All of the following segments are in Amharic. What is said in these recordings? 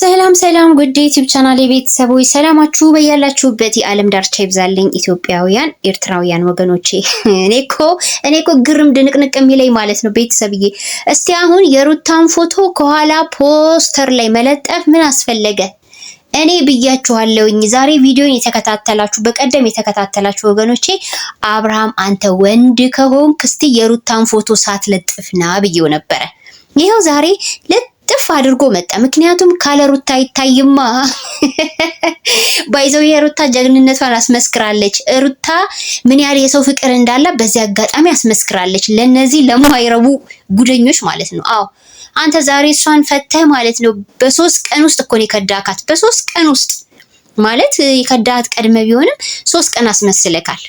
ሰላም ሰላም ጉድ ዩቲዩብ ቻናል የቤተሰቦች ሰላማችሁ በያላችሁበት የዓለም ዳርቻ ይብዛልኝ። ኢትዮጵያውያን ኤርትራውያን ወገኖቼ እኔ እኮ እኔ እኮ ግርም ድንቅንቅ የሚለኝ ማለት ነው ቤተሰብዬ። እስቲ አሁን የሩታን ፎቶ ከኋላ ፖስተር ላይ መለጠፍ ምን አስፈለገ? እኔ ብያችኋለሁኝ። ዛሬ ቪዲዮን የተከታተላችሁ በቀደም የተከታተላችሁ ወገኖቼ አብርሃም አንተ ወንድ ከሆንክ እስቲ የሩታን ፎቶ ሳትለጥፍ ብዬው ነበረ። ይኸው ዛሬ እጥፍ አድርጎ መጣ። ምክንያቱም ካለ ሩታ አይታይማ ባይዘው የሩታ ጀግንነቷን አስመስክራለች። ሩታ ምን ያህል የሰው ፍቅር እንዳለ በዚህ አጋጣሚ አስመስክራለች። ለነዚህ ለማይረቡ ጉደኞች ማለት ነው። አዎ አንተ ዛሬ እሷን ፈተህ ማለት ነው። በሶስት ቀን ውስጥ እኮ ነው የከዳካት። በሶስት ቀን ውስጥ ማለት የከዳት ቀድመ ቢሆንም ሶስት ቀን አስመስለካል።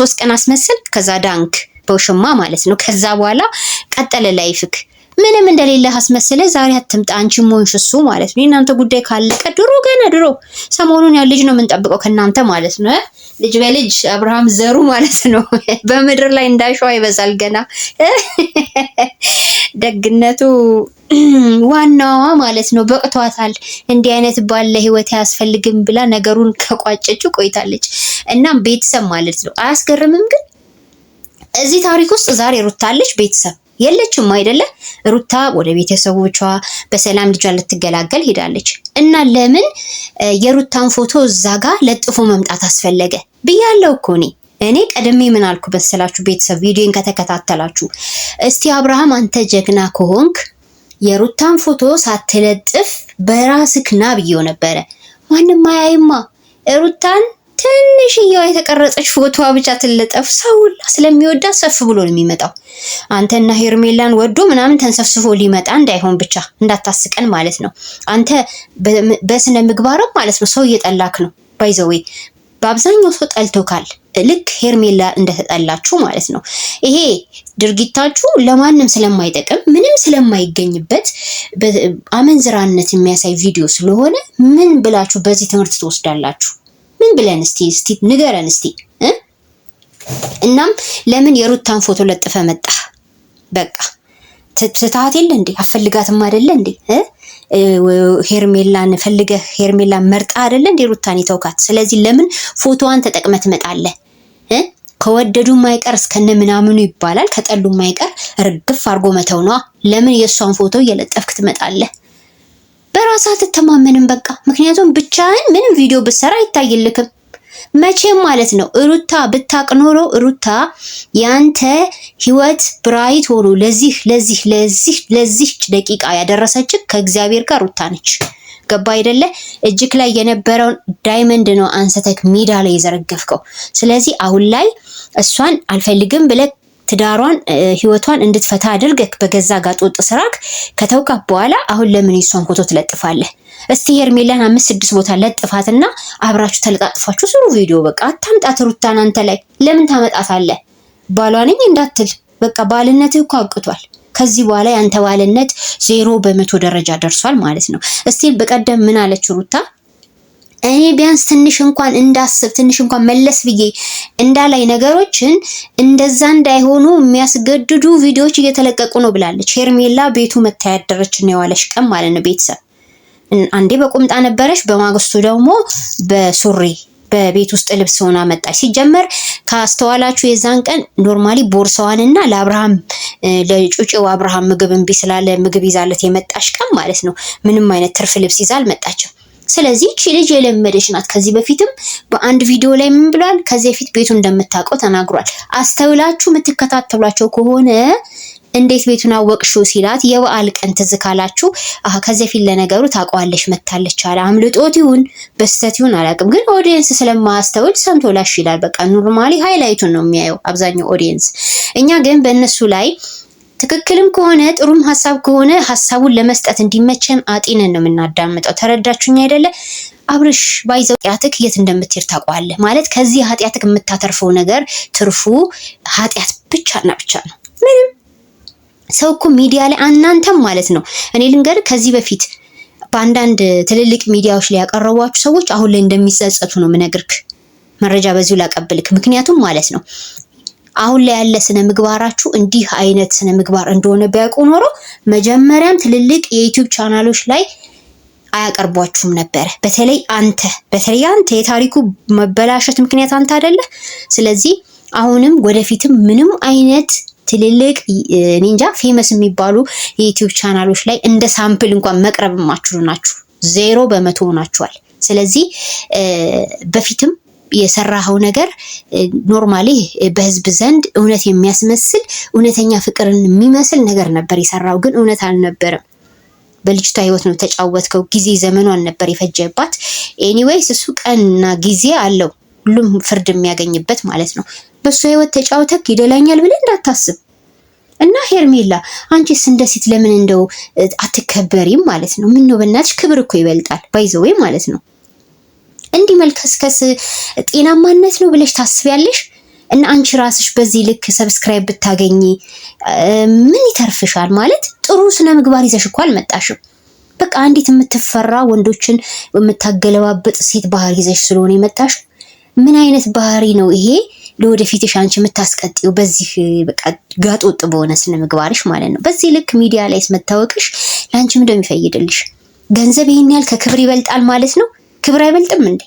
ሶስት ቀን አስመስል፣ ከዛ ዳንክ በውሽማ ማለት ነው። ከዛ በኋላ ቀጠለ ላይፍክ ምንም እንደሌለ አስመስለ ዛሬ አትምጣ አንቺ ሞንሽ እሱ ማለት ነው። የእናንተ ጉዳይ ካለቀ ድሮ ገና ድሮ ሰሞኑን ያው ልጅ ነው የምንጠብቀው ከእናንተ ማለት ነው። ልጅ በልጅ አብርሃም ዘሩ ማለት ነው በምድር ላይ እንዳሸዋ ይበዛል። ገና ደግነቱ ዋናዋ ማለት ነው በቅቷታል። እንዲህ አይነት ባለ ህይወት አያስፈልግም ብላ ነገሩን ከቋጨችው ቆይታለች። እናም ቤተሰብ ማለት ነው አያስገርምም። ግን እዚህ ታሪክ ውስጥ ዛሬ ሩታለች ቤተሰብ የለችም አይደለ? ሩታ ወደ ቤተሰቦቿ በሰላም ልጇ ልትገላገል ሄዳለች እና ለምን የሩታን ፎቶ እዛ ጋር ለጥፎ መምጣት አስፈለገ ብያለው እኮ እኔ እኔ ቀድሜ ምን አልኩ መሰላችሁ? ቤተሰብ ቪዲዮን ከተከታተላችሁ እስቲ አብርሃም አንተ ጀግና ከሆንክ የሩታን ፎቶ ሳትለጥፍ በራስክ ና ብዬው ነበረ። ማንም አያይማ ሩታን ትንሽየዋ የተቀረጸች ፎቶዋ ብቻ ትለጠፍ። ሰው ስለሚወዳ ሰፍ ብሎ ነው የሚመጣው። አንተና ሄርሜላን ወዶ ምናምን ተንሰፍስፎ ሊመጣ እንዳይሆን ብቻ እንዳታስቀን ማለት ነው። አንተ በስነ ምግባርም ማለት ነው ሰው እየጠላክ ነው። ባይዘዌ በአብዛኛው ሰው ጠልቶካል። ልክ ሄርሜላ እንደተጠላችሁ ማለት ነው። ይሄ ድርጊታችሁ ለማንም ስለማይጠቅም ምንም ስለማይገኝበት አመንዝራነት የሚያሳይ ቪዲዮ ስለሆነ ምን ብላችሁ በዚህ ትምህርት ትወስዳላችሁ? ምን ብለን እስቲ እስቲ ንገረን እስቲ። እናም ለምን የሩታን ፎቶ ለጥፈ መጣ? በቃ ትታት የለ እንዴ? አፈልጋትም አይደለ እንዴ? ሄርሜላን ፈልገ ሄርሜላን መርጣ አይደለ እንዴ ሩታን ይተውካት። ስለዚህ ለምን ፎቶዋን ተጠቅመ ትመጣለህ? ከወደዱ ማይቀር እስከነ ምናምኑ ይባላል። ከጠሉ ማይቀር ርግፍ አድርጎ መተው ነዋ። ለምን የእሷን ፎቶ እየለጠፍክ ትመጣለህ? በራስ አትተማመንም በቃ። ምክንያቱም ብቻህን ምንም ቪዲዮ ብትሰራ አይታይልክም መቼም ማለት ነው። ሩታ ብታቅ ኖሮ ሩታ ያንተ ህይወት ብራይት ሆኖ ለዚህ ለዚህ ለዚህ ለዚህ ደቂቃ ያደረሰች ከእግዚአብሔር ጋር ሩታ ነች። ገባ አይደለ? እጅክ ላይ የነበረውን ዳይመንድ ነው አንስተክ ሜዳ ላይ የዘረገፍከው። ስለዚህ አሁን ላይ እሷን አልፈልግም ብለህ ትዳሯን ህይወቷን እንድትፈታ አድርገህ በገዛ ጋጦጥ ስራክ ከተውካት በኋላ አሁን ለምን የሷን ፎቶ ትለጥፋለህ? እስቲ ሄርሜላን አምስት ስድስት ቦታ ለጥፋትና አብራችሁ ተለጣጥፋችሁ ስሩ ቪዲዮ። በቃ አታምጣት ሩታን አንተ ላይ ለምን ታመጣታለህ? ባሏ ነኝ እንዳትል በቃ ባልነትህ እኮ አቅቷል። ከዚህ በኋላ ያንተ ባልነት ዜሮ በመቶ ደረጃ ደርሷል ማለት ነው። እስቲ በቀደም ምን አለች ሩታ እኔ ቢያንስ ትንሽ እንኳን እንዳስብ ትንሽ እንኳን መለስ ብዬ እንዳላይ ነገሮችን እንደዛ እንዳይሆኑ የሚያስገድዱ ቪዲዮዎች እየተለቀቁ ነው ብላለች ሄርሜላ። ቤቱ መታያደረች ነው የዋለች ቀን ማለት ነው ቤተሰብ። አንዴ በቁምጣ ነበረች፣ በማግስቱ ደግሞ በሱሪ በቤት ውስጥ ልብስ ሆና መጣች። ሲጀመር ካስተዋላችሁ የዛን ቀን ኖርማሊ ቦርሳዋንና ለአብርሃም ለጩጭው አብርሃም ምግብ እምቢ ስላለ ምግብ ይዛለት የመጣች ቀን ማለት ነው። ምንም አይነት ትርፍ ልብስ ይዛ አልመጣችም። ስለዚህ እቺ ልጅ የለመደች ናት። ከዚህ በፊትም በአንድ ቪዲዮ ላይ ምን ብሏል? ከዚህ በፊት ቤቱን እንደምታውቀው ተናግሯል። አስተውላችሁ የምትከታተሏቸው ከሆነ እንዴት ቤቱን አወቅሽው ሲላት የበዓል ቀን ትዝ ካላችሁ ከዚህ በፊት ለነገሩ ታውቀዋለች መታለች አለ። አምልጦት ይሁን በስተት ይሁን አላውቅም፣ ግን ኦዲየንስ ስለማያስተውል ሰምቶ ላሽ ይላል። በቃ ኖርማሊ ሃይላይቱን ነው የሚያየው አብዛኛው ኦዲየንስ። እኛ ግን በእነሱ ላይ ትክክልም ከሆነ ጥሩም ሀሳብ ከሆነ ሀሳቡን ለመስጠት እንዲመቸን አጢነን ነው የምናዳምጠው። ተረዳችሁኝ አይደለ? አብርሽ ባይዘው ኃጢአትክ የት እንደምትሄድ ታውቀዋለህ። ማለት ከዚህ ኃጢአትክ የምታተርፈው ነገር ትርፉ ኃጢአት ብቻና ብቻ ነው። ምንም ሰው እኮ ሚዲያ ላይ እናንተም ማለት ነው። እኔ ልንገር ከዚህ በፊት በአንዳንድ ትልልቅ ሚዲያዎች ላይ ያቀረቧችሁ ሰዎች አሁን ላይ እንደሚጸጸቱ ነው ምነግርክ። መረጃ በዚሁ ላቀብልክ። ምክንያቱም ማለት ነው አሁን ላይ ያለ ስነ ምግባራችሁ እንዲህ አይነት ስነ ምግባር እንደሆነ ቢያውቁ ኖሮ መጀመሪያም ትልልቅ የዩቲዩብ ቻናሎች ላይ አያቀርቧችሁም ነበረ። በተለይ አንተ በተለይ አንተ የታሪኩ መበላሸት ምክንያት አንተ አይደለ። ስለዚህ አሁንም ወደፊትም ምንም አይነት ትልልቅ ኒንጃ ፌመስ የሚባሉ የዩቲዩብ ቻናሎች ላይ እንደ ሳምፕል እንኳን መቅረብ የማችሉ ናችሁ። ዜሮ በመቶ ሆናችኋል። ስለዚህ በፊትም የሰራኸው ነገር ኖርማሊ በህዝብ ዘንድ እውነት የሚያስመስል እውነተኛ ፍቅርን የሚመስል ነገር ነበር የሰራው፣ ግን እውነት አልነበረም። በልጅቷ ህይወት ነው ተጫወትከው። ጊዜ ዘመኗን ነበር የፈጀባት። ኤኒዌይስ እሱ ቀንና ጊዜ አለው ሁሉም ፍርድ የሚያገኝበት ማለት ነው። በእሱ ህይወት ተጫውተክ ይደላኛል ብለህ እንዳታስብ እና ሄርሜላ አንቺስ እንደ ሴት ለምን እንደው አትከበሪም ማለት ነው? ምን ነው በእናትሽ ክብር እኮ ይበልጣል ባይዘወይ ማለት ነው። እንዲህ መልከስከስ ጤናማነት ነው ብለሽ ታስቢያለሽ? እና አንቺ ራስሽ በዚህ ልክ ሰብስክራይብ ብታገኚ ምን ይተርፍሻል? ማለት ጥሩ ስነ ምግባር ይዘሽ እኮ አልመጣሽም። በቃ አንዲት የምትፈራ ወንዶችን የምታገለባበጥ ሴት ባህሪ ይዘሽ ስለሆነ የመጣሽ ምን አይነት ባህሪ ነው ይሄ? ለወደፊትሽ አንቺ የምታስቀጥው በዚህ በቃ ጋጦጥ በሆነ ስነ ምግባርሽ ማለት ነው። በዚህ ልክ ሚዲያ ላይ መታወቅሽ ለአንቺ ምንድነው የሚፈይድልሽ? ገንዘብ ይህን ያህል ከክብር ይበልጣል ማለት ነው። ክብር አይበልጥም እንዴ?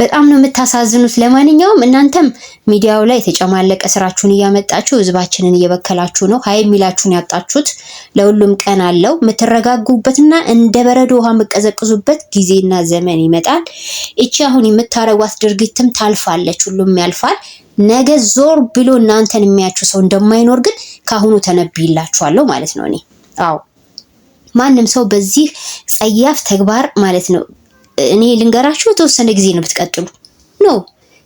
በጣም ነው የምታሳዝኑት። ለማንኛውም እናንተም ሚዲያው ላይ የተጨማለቀ ስራችሁን እያመጣችሁ ህዝባችንን እየበከላችሁ ነው። ሀይ የሚላችሁን ያጣችሁት። ለሁሉም ቀን አለው። የምትረጋጉበትና እንደ በረዶ ውሃ የምቀዘቅዙበት ጊዜና ዘመን ይመጣል። እቺ አሁን የምታረጓት ድርጊትም ታልፋለች። ሁሉም ያልፋል። ነገ ዞር ብሎ እናንተን የሚያችሁ ሰው እንደማይኖር ግን ከአሁኑ ተነብይላችኋለሁ ማለት ነው እኔ አዎ። ማንም ሰው በዚህ ጸያፍ ተግባር ማለት ነው እኔ ልንገራችሁ፣ የተወሰነ ጊዜ ነው ብትቀጥሉ ኖ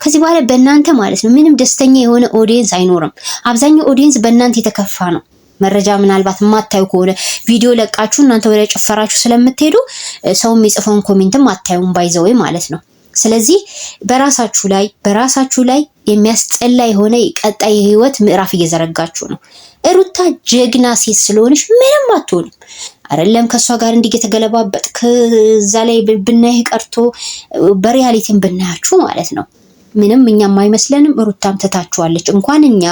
ከዚህ በኋላ በእናንተ ማለት ነው ምንም ደስተኛ የሆነ ኦዲየንስ አይኖርም። አብዛኛው ኦዲየንስ በእናንተ የተከፋ ነው። መረጃ ምናልባት የማታዩ ከሆነ ቪዲዮ ለቃችሁ እናንተ ወደ ጭፈራችሁ ስለምትሄዱ ሰው የሚጽፈውን ኮሜንትም አታዩም ባይዘወይ ማለት ነው። ስለዚህ በራሳችሁ ላይ በራሳችሁ ላይ የሚያስጠላ የሆነ ቀጣይ ህይወት ምዕራፍ እየዘረጋችሁ ነው። ሩታ ጀግና ሴት ስለሆነች ምንም አትሆንም። አይደለም ከእሷ ጋር እንዲህ የተገለባበጥ ከዛ ላይ ብናይህ ቀርቶ በሪያሊቲም ብናያችሁ ማለት ነው ምንም እኛም አይመስለንም። እሩታም ትታችኋለች። እንኳን እኛ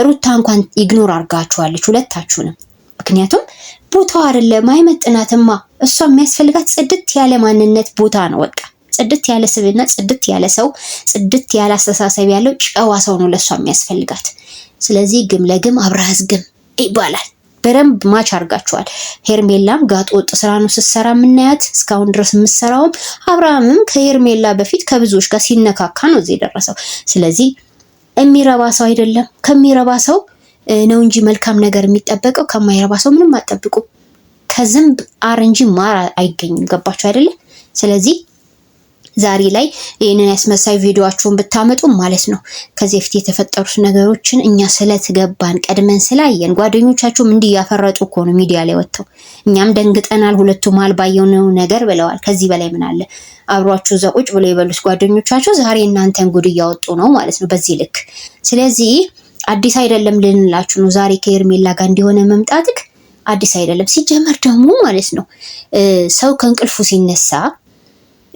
እሩታ እንኳን ኢግኖር አድርጋችኋለች ሁለታችሁንም። ምክንያቱም ቦታው አይደለም አይመጥናትማ። እሷ የሚያስፈልጋት ጽድት ያለ ማንነት ቦታ ነው በቃ ጽድት ያለ ስብዕና፣ ጽድት ያለ ሰው፣ ጽድት ያለ አስተሳሰብ ያለው ጨዋ ሰው ነው ለእሷ የሚያስፈልጋት። ስለዚህ ግም ለግም አብረሃዝ ግም ይባላል። በደንብ ማች አድርጋችኋል። ሄርሜላም ጋጥ ወጥ ስራ ነው ስትሰራ የምናያት እስካሁን ድረስ የምትሰራውም። አብርሃምም ከሄርሜላ በፊት ከብዙዎች ጋር ሲነካካ ነው እዚህ የደረሰው። ስለዚህ የሚረባ ሰው አይደለም። ከሚረባ ሰው ነው እንጂ መልካም ነገር የሚጠበቀው። ከማይረባ ሰው ምንም አጠብቁ። ከዝንብ አር እንጂ ማር አይገኝም። ገባችሁ አይደለም? ስለዚህ ዛሬ ላይ ይህንን ያስመሳይ ቪዲዮአችሁን ብታመጡ ማለት ነው ከዚህ በፊት የተፈጠሩት ነገሮችን እኛ ስለትገባን ቀድመን ስላየን ጓደኞቻቸውም እንዲህ እያፈረጡ እኮ ነው ሚዲያ ላይ ወጥተው እኛም ደንግጠናል። ሁለቱም መሀል ባየነው ነገር ብለዋል። ከዚህ በላይ ምን አለ? አብሯቸው እዛ ቁጭ ብሎ የበሉት ጓደኞቻቸው ዛሬ እናንተን ጉድ እያወጡ ነው ማለት ነው በዚህ ልክ። ስለዚህ አዲስ አይደለም ልንላችሁ ነው ዛሬ ከሄርሜላ ጋር እንዲሆነ መምጣትክ አዲስ አይደለም። ሲጀመር ደግሞ ማለት ነው ሰው ከእንቅልፉ ሲነሳ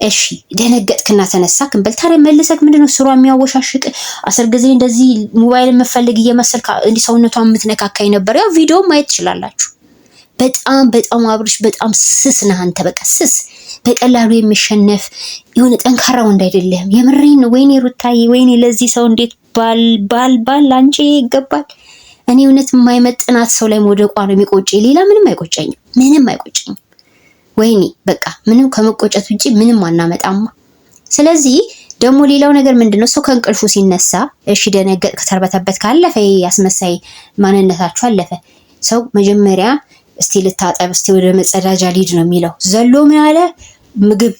እሺ ደነገጥክና ተነሳክ እንበል። ታዲያ መልሰክ ምንድነው ስሯ የሚያወሻሽቅ አስር ጊዜ እንደዚህ ሞባይል የምፈልግ እየመሰል እንዲህ ሰውነቷን የምትነካካኝ ነበር። ያው ቪዲዮ ማየት ትችላላችሁ። በጣም በጣም አብርሽ በጣም ስስ ነህ አንተ። በቃ ስስ በቀላሉ የሚሸነፍ የሆነ ጠንካራ ወንድ አይደለም። የምሬን ወይኔ ሩታዬ፣ ወይኔ ለዚህ ሰው እንዴት ባል ባል ባል አንቺ ይገባል። እኔ እውነት የማይመጥናት ሰው ላይ መውደቋ ነው የሚቆጨኝ። ሌላ ምንም አይቆጨኝም፣ ምንም አይቆጨኝም። ወይኔ በቃ ምንም ከመቆጨት ውጭ ምንም አናመጣማ። ስለዚህ ደግሞ ሌላው ነገር ምንድነው ሰው ከእንቅልፉ ሲነሳ እሺ ደነገጥ ከተርበተበት ካለፈ ያስመሳይ ማንነታችሁ አለፈ። ሰው መጀመሪያ እስቲ ልታጠብ እስቲ ወደ መጸዳጃ ሊድ ነው የሚለው ዘሎ ምን አለ ምግብ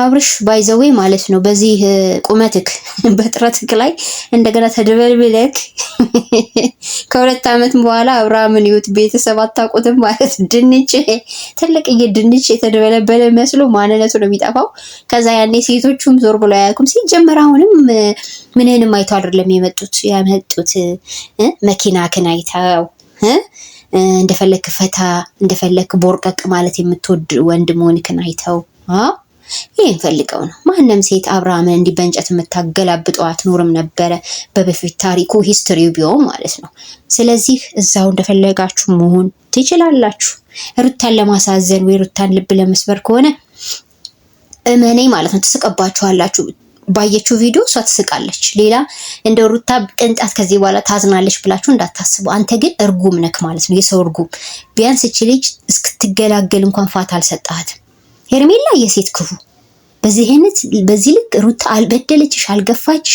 አብርሽ ባይዘዌ ማለት ነው። በዚህ ቁመትክ በጥረትክ ላይ እንደገና ተደበልብለክ ከሁለት ዓመት በኋላ አብርሃምን ይሁት ቤተሰብ አታውቁትም ማለት ድንች ትልቅዬ ድንች የተደበለበለ መስሎ ማንነቱ ነው የሚጠፋው። ከዛ ያኔ ሴቶቹም ዞር ብሎ አያውቁም። ሲጀመር አሁንም ምንንም አይተው አይደለም የመጡት ያመጡት መኪናክን አይተው እንደፈለክ ፈታ እንደፈለክ ቦርቀቅ ማለት የምትወድ ወንድ መሆንክን አይተው ይህን ፈልገው ነው። ማንም ሴት አብርሃምን እንዲህ በእንጨት የምታገላብጠው አትኖርም ነበረ፣ በበፊት ታሪኩ ሂስትሪው ቢሆን ማለት ነው። ስለዚህ እዛው እንደፈለጋችሁ መሆን ትችላላችሁ። ሩታን ለማሳዘን ወይ ሩታን ልብ ለመስበር ከሆነ እመኔ ማለት ነው ትስቀባችኋላችሁ። ባየችው ቪዲዮ እሷ ትስቃለች። ሌላ እንደ ሩታ ቅንጣት ከዚህ በኋላ ታዝናለች ብላችሁ እንዳታስቡ። አንተ ግን እርጉም ነክ ማለት ነው፣ የሰው እርጉም። ቢያንስ እች ልጅ እስክትገላገል እንኳን ፋታ አልሰጣትም። ሄርሜላ የሴት ክፉ በዚህነት በዚህ ልክ ሩታ አልበደለችሽ፣ አልገፋች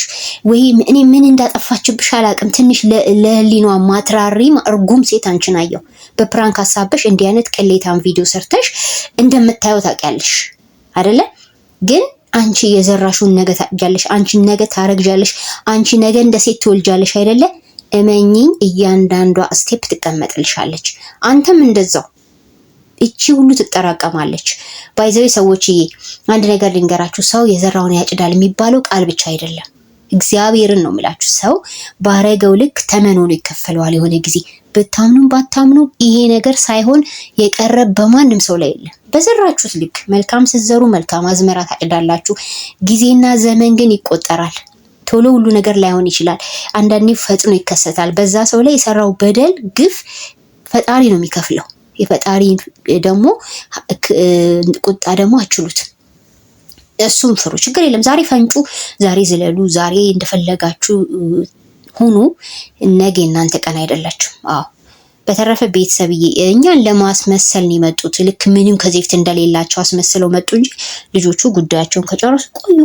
ወይ እኔ ምን እንዳጠፋችብሽ አላቅም። ትንሽ ለህሊኗ ማትራሪ እርጉም ሴት አንቺን በፕራንክ ሀሳብሽ እንዲህ አይነት ቅሌታን ቪዲዮ ሰርተሽ እንደምታየው ታውቂያለሽ አይደለ? ግን አንቺ የዘራሽውን ነገ ታጃለሽ፣ አንቺ ነገ ታረግጃለሽ። አንቺ ነገ እንደ ሴት ትወልጃለሽ አይደለ? እመኚኝ፣ እያንዳንዷ ስቴፕ ትቀመጥልሻለች። አንተም እንደዛው እቺ ሁሉ ትጠራቀማለች። ባይዘዊ ሰዎች አንድ ነገር ልንገራችሁ፣ ሰው የዘራውን ያጭዳል የሚባለው ቃል ብቻ አይደለም። እግዚአብሔርን ነው የምላችሁ። ሰው ባረገው ልክ ተመኖኑ ይከፈለዋል። የሆነ ጊዜ ብታምኑም ባታምኑ ይሄ ነገር ሳይሆን የቀረ በማንም ሰው ላይ የለም። በዘራችሁት ልክ መልካም ስትዘሩ መልካም አዝመራ ታጭዳላችሁ። ጊዜና ዘመን ግን ይቆጠራል። ቶሎ ሁሉ ነገር ላይሆን ይችላል። አንዳንዴ ፈጥኖ ይከሰታል። በዛ ሰው ላይ የሰራው በደል ግፍ ፈጣሪ ነው የሚከፍለው። የፈጣሪ ደግሞ ቁጣ ደግሞ አችሉት። እሱም ፍሩ፣ ችግር የለም። ዛሬ ፈንጩ፣ ዛሬ ዝለሉ፣ ዛሬ እንደፈለጋችሁ ሁኑ። ነገ እናንተ ቀን አይደላችሁ። አዎ በተረፈ ቤተሰብዬ እኛን ለማስመሰል ነው የመጡት። ልክ ምንም ከዚህ ፊት እንደሌላቸው አስመስለው መጡ እንጂ ልጆቹ ጉዳያቸውን ከጨረሱ ቆዩ።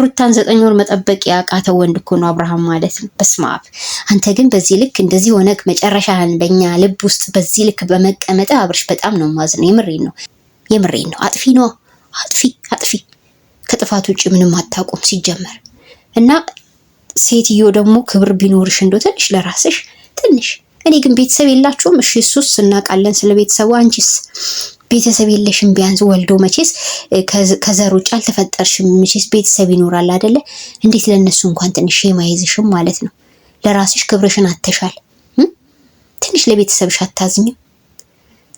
ሩታን ዘጠኝ ወር መጠበቅ ያቃተው ወንድ እኮ ነው አብርሃም ማለት ነው። በስመ አብ አንተ ግን በዚህ ልክ እንደዚህ ሆነህ መጨረሻህን በእኛ ልብ ውስጥ በዚህ ልክ በመቀመጠ አብርሽ በጣም ነው ማዝነው። የምሬን ነው የምሬን ነው። አጥፊ ነው አጥፊ አጥፊ። ከጥፋት ውጭ ምንም አታውቁም ሲጀመር እና ሴትዮ ደግሞ ክብር ቢኖርሽ እንደው ትንሽ ለራስሽ ትንሽ እኔ ግን ቤተሰብ የላችሁም? እሺ እሱስ እናውቃለን ስለ ቤተሰቡ። አንቺስ ቤተሰብ የለሽም? ቢያንስ ወልዶ መቼስ ከዘር ውጭ አልተፈጠርሽም። መቼስ ቤተሰብ ይኖራል አይደለ እንዴት ለእነሱ እንኳን ትንሽ የማይዝሽም ማለት ነው። ለራስሽ ክብርሽን አተሻል። ትንሽ ለቤተሰብሽ አታዝኝም?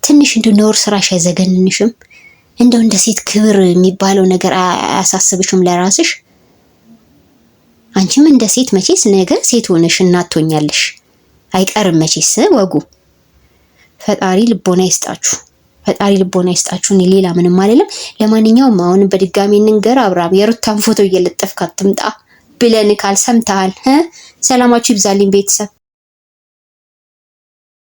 ትንሽ እንዲሁ ነውር ስራሽ አይዘገንንሽም? እንደው እንደ ሴት ክብር የሚባለው ነገር አያሳስብሽም ለራስሽ? አንቺም እንደ ሴት መቼስ ነገ ሴት ሆነሽ እናት ትሆኛለሽ። አይቀርም መቼስ ወጉ። ፈጣሪ ልቦና ይስጣችሁ። ፈጣሪ ልቦና ይስጣችሁ። እኔ ሌላ ምንም አልልም። ለማንኛውም አሁን በድጋሚ እንንገር፣ አብርሃም የሩታን ፎቶ እየለጠፍክ አትምጣ ብለን ካል ሰምተሃል። ሰላማችሁ ይብዛልኝ ቤተሰብ።